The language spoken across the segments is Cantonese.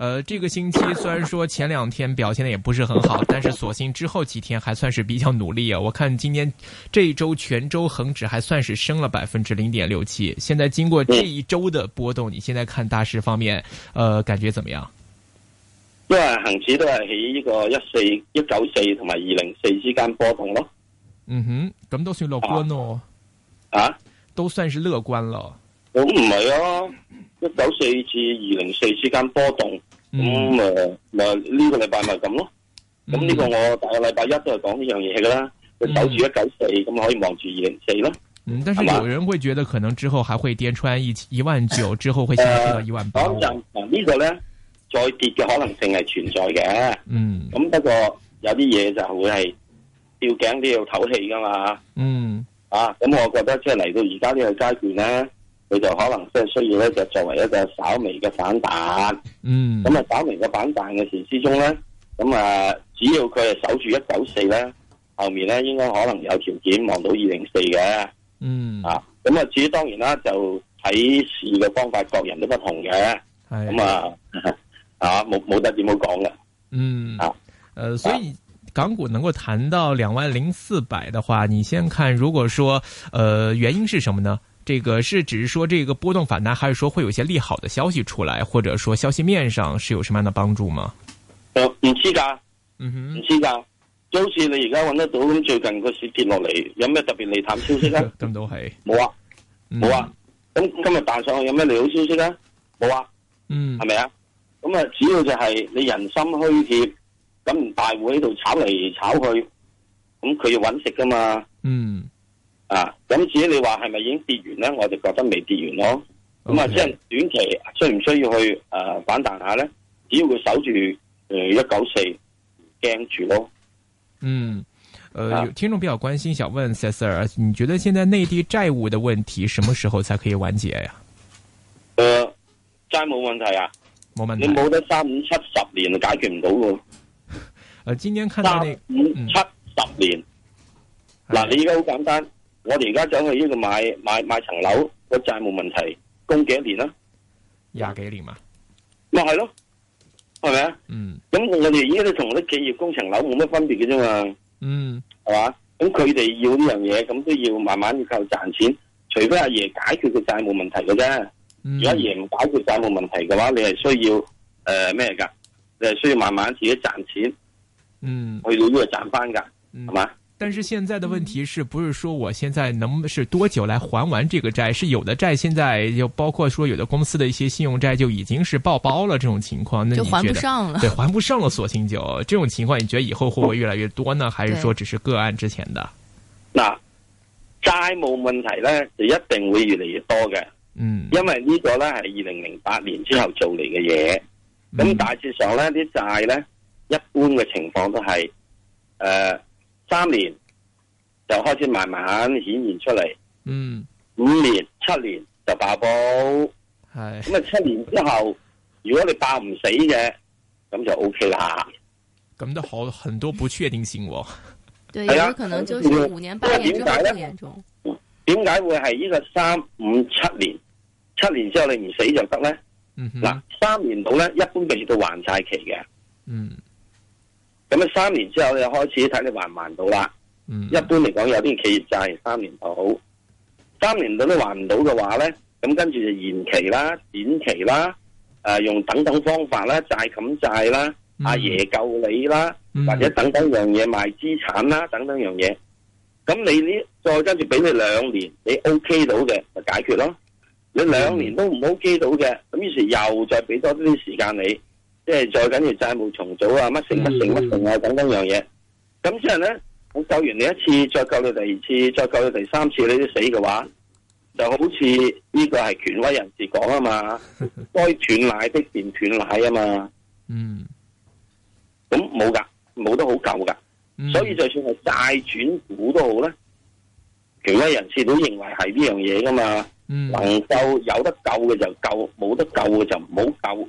呃，這個星期雖然說前兩天表現得也不是很好，但是所幸之後幾天還算是比較努力啊。我看今天這一周全周恒指還算是升了百分之零點六七。現在經過這一周的波動，你現在看大市方面，呃，感覺怎麼樣？因為恒指都係喺呢個一四一九四同埋二零四之間波動咯。嗯哼，咁都算樂觀咯啊？啊，都算是樂觀咯？我唔係啊，一九四至二零四之間波動。咁誒，嗱呢個禮拜咪咁咯。咁、這、呢個我大個禮拜一都係講呢樣嘢噶啦。佢守、嗯、住一九四，咁可以望住二零四咯。嗯，但係有人會覺得可能之後還會跌穿一一萬九，19, 19, 之後會下跌到一萬八。誒，咁呢個咧，再跌嘅可能性係存在嘅。嗯。咁不過有啲嘢就會係吊頸都要唞氣噶嘛。嗯。啊，咁、嗯、我覺得即係嚟到而家呢個階段咧。佢就可能真係需要咧，就作為一個稍微嘅反彈，嗯，咁啊稍微嘅反彈嘅時之中咧，咁啊只要佢係守住一九四咧，後面咧應該可能有條件望到二零四嘅，嗯啊，咁啊至於當然啦，就睇事嘅方法，各人都不同嘅，係咁、哎、呀啊，啊冇冇得點樣講嘅，嗯啊，誒、呃，所以港股能夠彈到兩萬零四百嘅話，你先看，如果說，誒、呃、原因是什麼呢？呢個是只是說這個波動反彈，還是說會有些利好的消息出來，或者說消息面上是有什麼樣的幫助嗎？有、呃，唔知噶，唔知噶，就好似你而家揾得到咁，最近個市跌落嚟，有咩特別利淡消息咧？咁都係，冇啊，冇、嗯、啊，咁、嗯、今日彈上去有咩利好消息咧？冇啊，嗯，係咪啊？咁啊，主要就係你人心虛怯，咁大戶喺度炒嚟炒去，咁佢要揾食噶嘛？嗯。啊，咁至於你話係咪已經跌完咧？我就覺得未跌完咯。咁、嗯、啊，即係 Okay. 短期需唔需要去誒、呃、反彈下咧？只要佢守住誒一九四，呃、4, 驚住咯。嗯，誒、呃，聽眾比較關心，想問 Sir，啊、你覺得現在內地債務嘅問題，什麼時候才可以完結呀、啊？誒、呃，債冇問題啊，冇問題。你冇得三五七十年解決唔到嘅。誒，今年看到三五七十年，嗱、嗯啊，你依家好簡單。我哋而家走去呢個買買買，買層樓個債務問題供幾多年啦？廿幾年啊？咪係咯，係咪啊？嗯。咁我哋而家都同啲企業供層樓冇乜分別嘅啫嘛。嗯。係嘛？咁佢哋要呢樣嘢，咁都要慢慢要靠賺錢，除非阿爺解決個債務問題嘅啫。嗯、如果阿爺唔解決債務問題嘅話，你係需要誒咩噶？你係需要慢慢自己賺錢。嗯。去到呢度賺翻噶，係嘛、嗯？但是現在的問題是不是說我現在能是多久來還完這個債？是有的債現在就包括說有的公司的一些信用債就已經是爆包了這種情況，那你覺得就還不上了對，對還不上了索性就這種情況，你覺得以後會會越來越多呢，還是說只是個案之前的？那債務問題呢就一定會越嚟越多嘅。嗯，因為呢個呢係二零零八年之後做嚟嘅嘢，咁大致上呢啲債呢一般嘅情況都係誒。三年就開始慢慢顯現出嚟，嗯，五年、七年就爆煲。係咁啊！七年之後，如果你爆唔死嘅，咁就 O K 啦。咁都好很多不確定性喎，係啊， 因為點解咧？嗯，點解會係呢個三五七年？七年之後你唔死就得咧？嗱，三年到咧，一般都到還債期嘅，嗯。咁啊，三年之後你就開始睇你還唔還到啦。一般嚟講，有啲企業債三年就好，三年到都還唔到嘅話咧，咁跟住就延期啦、展期啦、啊、用等等方法啦、債冚債啦、阿爺救你啦，或者等等樣嘢賣資產啦，等等樣嘢。咁你呢再跟住俾你兩年，你 OK 到嘅就解決咯。你兩年都唔 OK 到嘅，咁於是又再俾多啲時間你。即係再緊要債務重組啊，乜成乜成乜成啊，等等樣嘢。咁之後咧，我救完你一次，再救你第二次，再救你第三次，你都死嘅話，就好似呢個係權威人士講啊嘛，該斷 奶的便斷奶啊嘛。嗯。咁冇噶，冇得好救噶。的嗯。所以就算係債轉股都好咧，權威人士都認為係呢樣嘢噶嘛。嗯。能夠，有得救嘅就救，冇得救嘅就唔好救。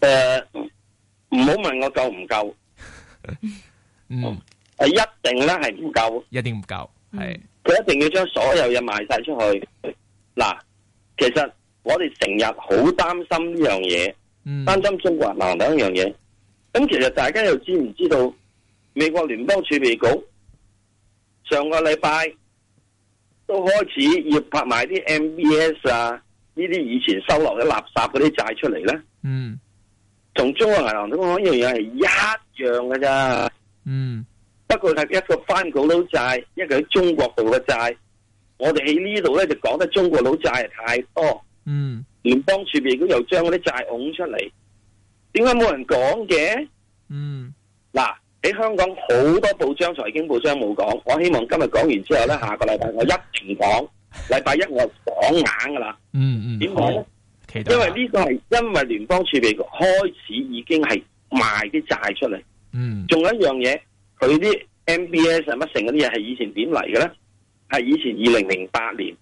誒，唔好、uh, 問我夠唔夠？ 嗯，係一定咧，係唔夠，一定唔夠，係佢、嗯、是一定要將所有嘢賣晒出去。嗱，其實我哋成日好擔心呢樣嘢，擔心中國難唔一樣嘢？咁其實大家又知唔知道，美國聯邦儲備局上個禮拜都開始要拍埋啲 MBS 啊，呢啲以前收留嘅垃圾嗰啲債出嚟咧，嗯。同中國銀行都講呢樣嘢係一樣嘅啫，嗯，不過係一個翻古佬債，ai, 一個喺中國度嘅債，我哋喺呢度咧就講得中國佬債係太多，嗯，聯邦儲備局又將嗰啲債拱出嚟，點解冇人講嘅？嗯，嗱喺香港好多報章、財經報章冇講，我希望今日講完之後咧，下個禮拜我一定講，禮拜一我講硬噶啦、嗯，嗯嗯，點講咧？因為呢個係因為聯邦儲備局開始已經係賣啲債出嚟，嗯，仲有一樣嘢，佢啲 MBS 乜成嗰啲嘢係以前點嚟嘅咧？係以前二零零八年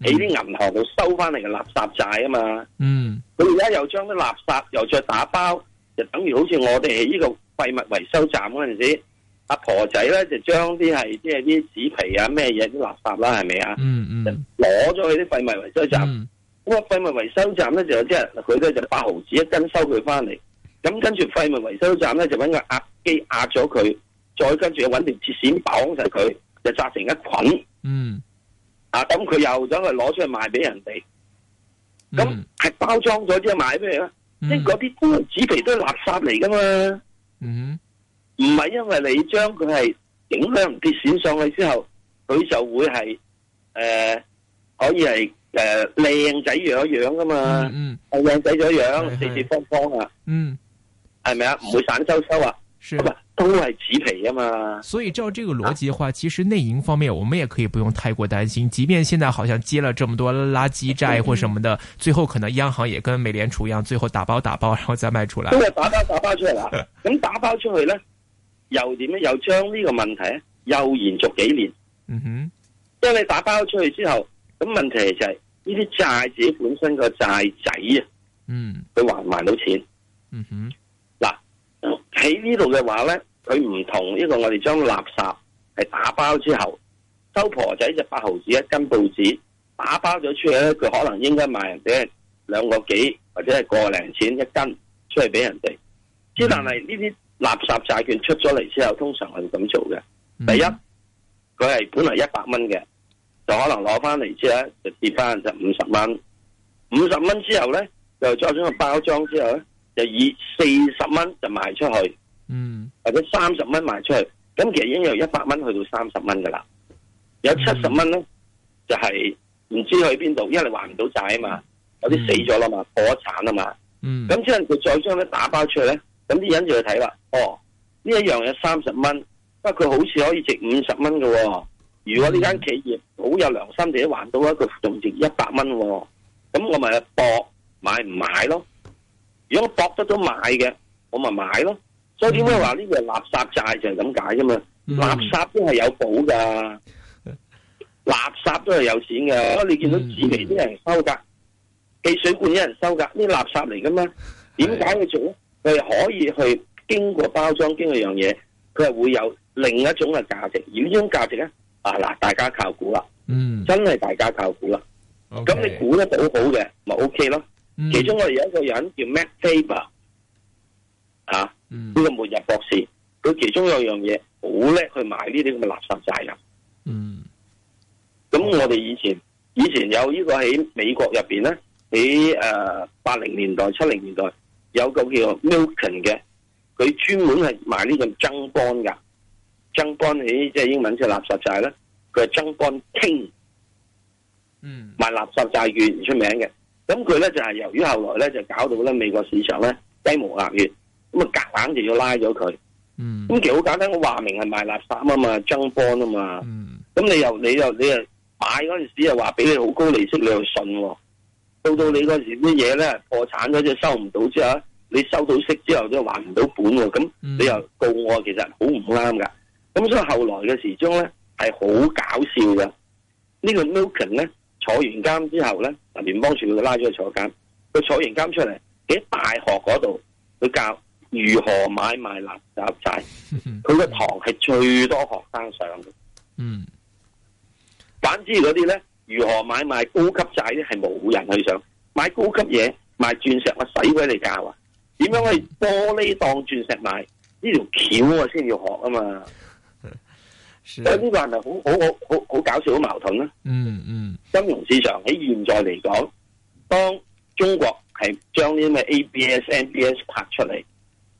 喺啲銀行度收翻嚟嘅垃圾債啊嘛，嗯，佢而家又將啲垃圾又再打包，就等於好似我哋呢個廢物維修站嗰陣時，阿婆仔咧就將啲係即係啲紙皮啊咩嘢啲垃圾啦，係咪啊？嗯、啊、嗯，攞、嗯、咗去啲廢物維修站。嗯哦、廢物維修站咧，就有啲人，佢咧就八毫子一斤收佢翻嚟，咁跟住廢物維修站咧就搵個壓機壓咗佢，再跟住又搵條鐵線綁實佢，就紮成一捆。嗯，啊，咁佢又想去攞出去賣俾人哋，咁係、嗯、包裝咗之後賣咩啊？嗯、即係嗰啲紙皮都係垃圾嚟噶嘛？嗯，唔係因為你將佢係整翻鐵線上去之後，佢就會係誒、呃、可以係。誒，靚、呃、仔樣樣㗎嘛，係靚、嗯嗯、仔咗樣，嘿嘿四四方方啊，係咪、嗯、啊？唔會散收收啊，唔是都係紙皮啊嘛。所以照這個邏輯的話，啊、其實內銀方面，我們也可以不用太過擔心。即便現在好像接了這麼多垃圾債或什麼的，嗯、最後可能央行也跟美聯儲一樣，最後打包打包，然後再賣出嚟。都係打包打包出嚟啦。咁 打包出去咧，又點樣又將呢個問題又延續幾年？嗯哼，當你打包出去之後，咁問題就係、是。呢啲債仔本身個債仔啊，嗯，佢還唔還到錢？嗯哼，嗱，喺呢度嘅話咧，佢唔同呢個我哋將垃圾係打包之後，收婆仔就八毫子一斤報紙，打包咗出去咧，佢可能應該賣人哋兩個幾或者係個零錢一斤出嚟俾人哋。只、嗯、但係呢啲垃圾債券出咗嚟之後，通常係咁做嘅。第一，佢係本來一百蚊嘅。就可能攞翻嚟之後咧，就跌翻就五十蚊，五十蚊之後咧，就再將個包裝之後咧，就以四十蚊就賣出去，嗯、或者三十蚊賣出去，咁其實已經由一百蚊去到三十蚊噶啦。有七十蚊咧，就係、是、唔知去邊度，因為你還唔到債啊嘛，有啲死咗啦嘛，破產啊嘛。咁、嗯、之後佢再將佢打包出去咧，咁啲人就去睇啦。哦，呢一樣嘢三十蚊，不過佢好似可以值五十蚊噶。如果呢間企業好有良心，自己還到一個仲值一百蚊，咁我咪搏買唔買咯？如果搏得咗買嘅，我咪買咯。所以點解話呢個垃圾債就係咁解噶嘛？垃圾都係有寶噶，垃圾都係有錢噶。你見到紙皮啲人收噶，汽水罐啲人收噶，啲垃圾嚟噶嘛？點解佢做咧？佢可以去經過包裝，經過樣嘢，佢係會有另一種嘅價值。而呢種價值咧？啊嗱，大家靠估啦，嗯，真係大家靠估啦。咁 Okay, 你估得到好嘅咪 OK 咯。嗯、其中我哋有一個人叫 Marc Faber，啊，呢、嗯、個末日博士，佢其中有樣嘢好叻去買呢啲咁嘅垃圾債嘅。嗯，咁我哋以前以前有呢個喺美國入邊咧，喺誒八零年代、七零年代有一個叫 Milken 嘅，佢專門係買呢個增光噶。曾邦，起即係英文即係垃圾債咧，佢係曾邦清，嗯，賣垃圾債券出名嘅，咁佢咧就係由於後來咧就搞到咧美國市場咧雞毛鴨血，咁啊夾硬就要拉咗佢，嗯，咁其實好簡單，我話明係賣垃圾啊嘛，曾邦啊嘛，咁、嗯、你又你又你啊買嗰陣時又話俾你好高利息，你又信、哦，到到你嗰時啲嘢咧破產咗就收唔到，之後你收到息之後都還唔到本嘅，咁你又告我，其實好唔啱噶。咁、嗯、所以後來嘅時鐘咧係好搞笑噶，這個、呢個 Milken 咧坐完監之後咧，嗱聯邦署佢拉咗去坐監，佢坐完監出嚟，喺大學嗰度佢教如何買賣垃圾債，佢個堂係最多學生上嘅。嗯， 反之嗰啲咧，如何買賣高級債咧，係冇人去上。買高級嘢，賣鑽石我使鬼你教啊？點樣可以玻璃當鑽石賣？呢條橋啊，先要學啊嘛！呢個話係咪好好好好好搞笑好矛盾啊？嗯嗯，嗯金融市場喺現在嚟講，當中國係將啲咩 ABS、MBS 拍出嚟，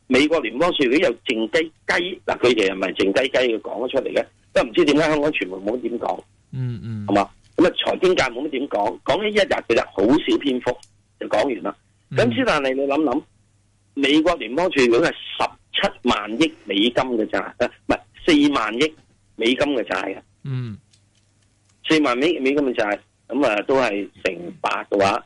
美國聯邦儲備又靜雞雞嗱，佢哋又唔係靜雞雞嘅講咗出嚟嘅，都唔知點解香港傳媒冇乜點講。嗯嗯，係嘛？咁啊，財經界冇乜點講，講咗一日嘅啫，好少篇幅就講完啦。咁斯坦利，你諗諗，美國聯邦儲備係十七萬億美金嘅咋？唔係四萬億。美金嘅債啊，嗯，四萬美美金嘅債，咁啊都係成百嘅話，誒、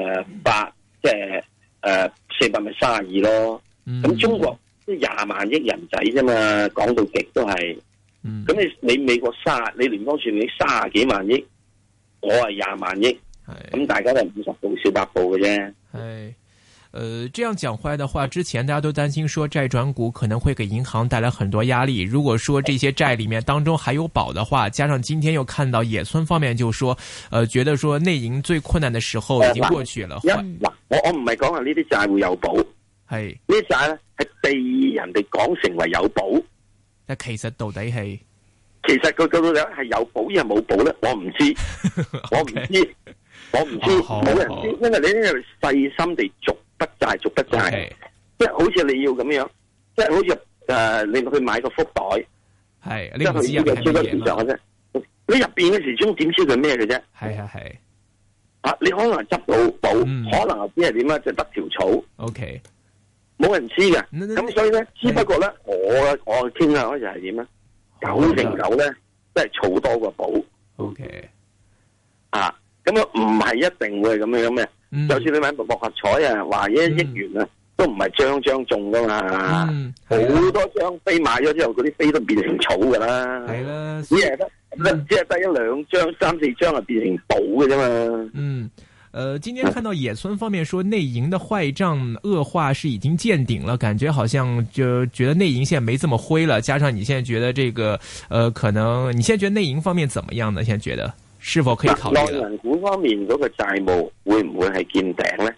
呃、百即係誒四百咪卅二咯，咁、嗯、中國都廿萬億人仔啫嘛，講到極都係，咁你、嗯、你美國卅你聯邦算你卅幾萬億，我係廿萬億，係是，咁大家係五十步笑百步嘅啫。呃，這樣講開的話，之前大家都擔心說債轉股可能會給銀行帶來很多壓力。如果說這些債裏面當中還有保的話，加上今天又看到野村方面就說，誒、呃，覺得說內銀最困難的時候已經過去了。嗱、呃呃，我我唔係講話呢啲債會有保，係呢啲是債咧係被人哋講成為有保，但其實到底係其實佢究竟係有保亦係冇保咧？我唔知， 我唔知， 我唔知，冇人知，好因為你喺度細心地逐。不債續不債，即係好似你要咁樣，即係好似誒，你去買個福袋，係即係呢個係超級市場嘅啫。你入邊嘅時鐘點知佢咩嘅啫？係啊係，啊你可能執到寶，可能係咩點啊？就係得條草。OK，冇人知嘅。咁所以咧，只不過咧，我我嘅傾向咧就係點啊？九成九咧都係草多過寶。OK，啊，咁啊唔係一定會係咁樣嘅。嗯、就算你買博六合彩啊，話一億元啊，嗯、都唔係張張中噶嘛，好、嗯啊、多張飛買咗之後，嗰啲飛都變成草噶啦，係啦、啊，嗯、只係得只係得一兩張、三四張啊，變成寶嘅啫嘛。嗯，呃今天看到野村方面說內銀 的壞賬惡化是已經見頂了，感覺好像就覺得內銀現在沒這麼灰了。加上你現在覺得這個，呃可能你現在覺得內銀方面怎麼樣呢？現在覺得？內銀股方面嗰個債務會唔會係見頂咧？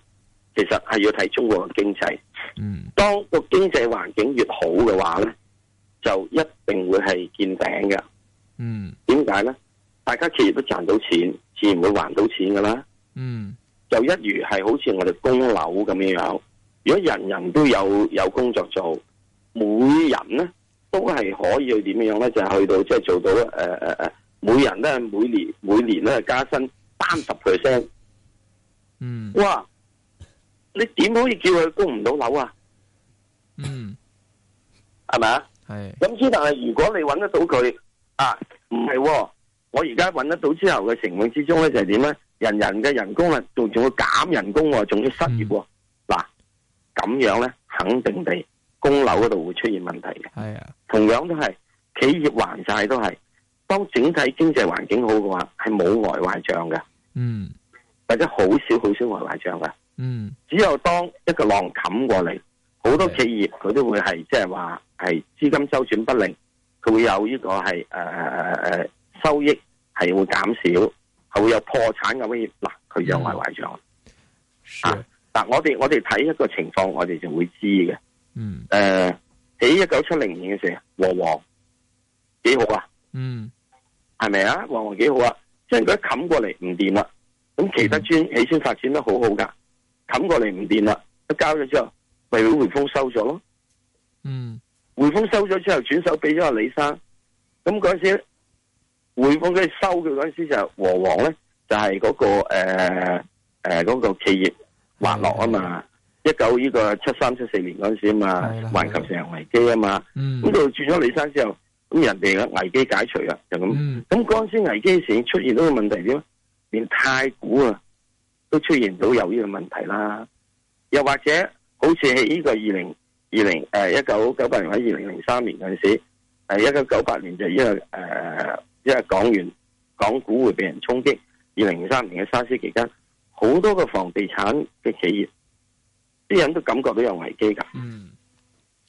其實係要睇中國嘅經濟。嗯，當個經濟環境越好嘅話咧，就一定會係見頂嘅。嗯，點解咧？大家企業都賺到錢，自然會還到錢噶啦。嗯，就一如係好似我哋供樓咁樣樣。如果人人都有有工作做，每人咧都係可以去點樣咧，就係、是、去到即係、就是、做到誒誒誒。呃每人咧每年每年咧加薪三十 percent，嗯，哇，你點可以叫佢供唔到樓啊？嗯，係咪啊？係咁之，但係如果你揾得到佢啊，唔係、喎，我而家揾得到之後嘅情況之中咧就係點咧？人人嘅人工啊，仲仲要減人工，仲要失業嗱、喎、咁、嗯、樣咧肯定地供樓嗰度會出現問題嘅。係啊，同樣都係企業還債都係。當整體經濟環境好嘅話，係冇外壞賬嘅，嗯，mm. 或者好少好少外壞賬嘅，嗯，mm. 只有當一個浪冚過嚟，好多企業佢都會係即係話係資金周轉不靈，佢會有呢個係誒誒誒收益係會減少，係會有破產嘅威脅，嗱，佢就係外壞賬。是，嗱，我哋我哋睇一個情況，我哋就會知嘅，嗯、mm. 呃，誒，喺一九七零年嘅時候，和黃幾好啊，嗯。Mm. 係咪啊？黃黃幾好啊！即係佢一冚過嚟唔掂啦，咁其他村起先發展得好好噶，冚過嚟唔掂啦，一交咗之後，咪匯豐收咗咯。嗯，匯豐收咗之後，轉手俾咗阿李生。咁嗰陣時，匯豐收嘅嗰陣時就係和黃咧，就係嗰個誒誒嗰個企業滑落啊嘛。一九呢個七三七四年嗰陣時啊嘛，環球石油危機啊嘛。咁就轉咗李生之後。咁人哋嘅危機解除啦，就咁。咁嗰陣時危機時出現到個問題點？連太古啊，都出現到有呢個問題啦。又或者好似喺呢個二零二零誒一九九八年喺二零零三年嗰陣時候，誒一九九八年就因為誒因為港元港股會俾人衝擊，二零零三年嘅沙士期間，好多嘅房地產嘅企業，啲人都感覺到有危機噶。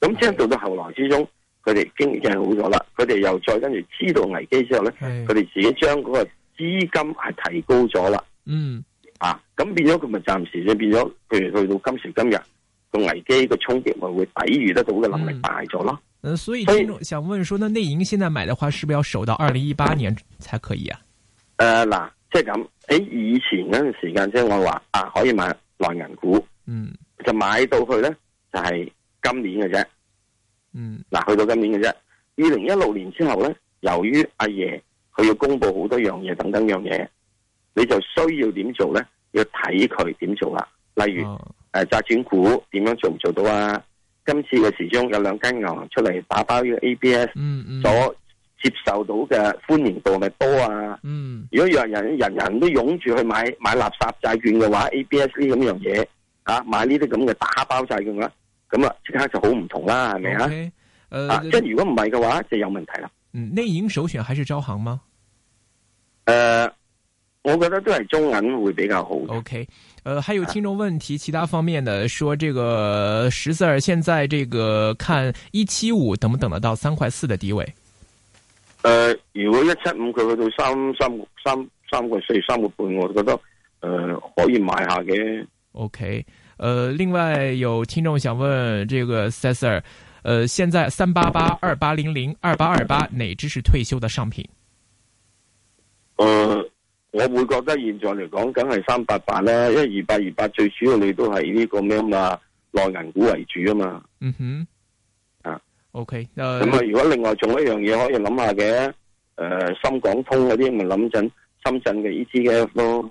咁即係到到後來之中。佢哋經濟好咗啦，佢哋又再跟住知道危機之後咧，佢哋是自己將嗰個資金係提高咗啦。嗯，啊，咁變咗佢咪暫時就係變咗，譬如去到今時今日個危機個衝擊，咪會抵禦得到嘅能力大咗咯。所以所想問一說，以那內銀現在買嘅話，是不是要守到二零一八年才可以啊？誒嗱，呃，即係咁，誒，就是欸，以前嗰段時間即係我話啊，可以買內銀股，嗯，就買到去咧就係、是、今年嘅啫。嗯，嗱，去到今年嘅啫。二零一六年之後咧，由於阿爺佢要公布好多樣嘢，等等樣嘢，你就需要點做咧？要睇佢點做啦。例如誒債轉股點樣做唔做到啊？今次嘅時中有兩間銀行出嚟打包呢個 ABS，所接受到嘅歡迎度咪多啊？嗯，如果有人人人都擁住去買買垃圾債券嘅話，ABS 呢咁樣嘢啊，買呢啲咁嘅打包債嘅話。咁、okay, 呃、啊，即刻就好唔同啦，係咪啊？誒，即如果唔係嘅話，就有問題啦。嗯，內銀首選還是招行嗎？誒、呃，我覺得都係中銀會比較好。OK，誒、呃，還有聽眾問題，啊、其他方面呢？說這個十四二，現在這個看一七五等唔等得到三塊四嘅低位？誒、呃，如果一七五佢去到三三三三個四三個半，我就覺得誒、呃、可以買下嘅。OK。誒、呃，另外有聽眾想問，這個石 sir，誒、呃，現在三八八二八零零二八二八，28 28, 哪隻是退休的商品？誒、呃，我會覺得現在嚟講，梗係三八八啦，因為二八二八最主要你都係呢個咩嘛，內銀股為主啊嘛。嗯哼。啊，OK。咁啊，okay, uh, 如果另外仲有一樣嘢可以諗下嘅，誒、呃，深港通嗰啲咪諗緊深圳嘅 ETF 咯。